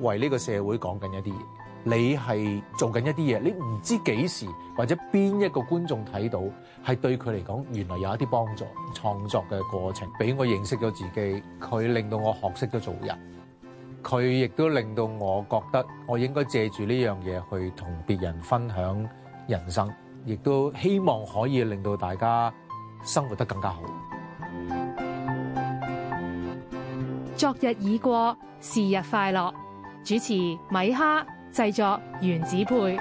為呢個社會講緊一啲嘢，你係做緊一啲嘢，你唔知幾時或者邊一個觀眾睇到，係對佢嚟講原來有一啲幫助。創作嘅過程俾我認識咗自己，佢令到我學識咗做人，佢亦都令到我覺得我應該借住呢樣嘢去同別人分享人生，亦都希望可以令到大家生活得更加好。昨日已過，是日快樂。主持米哈，製作原子配。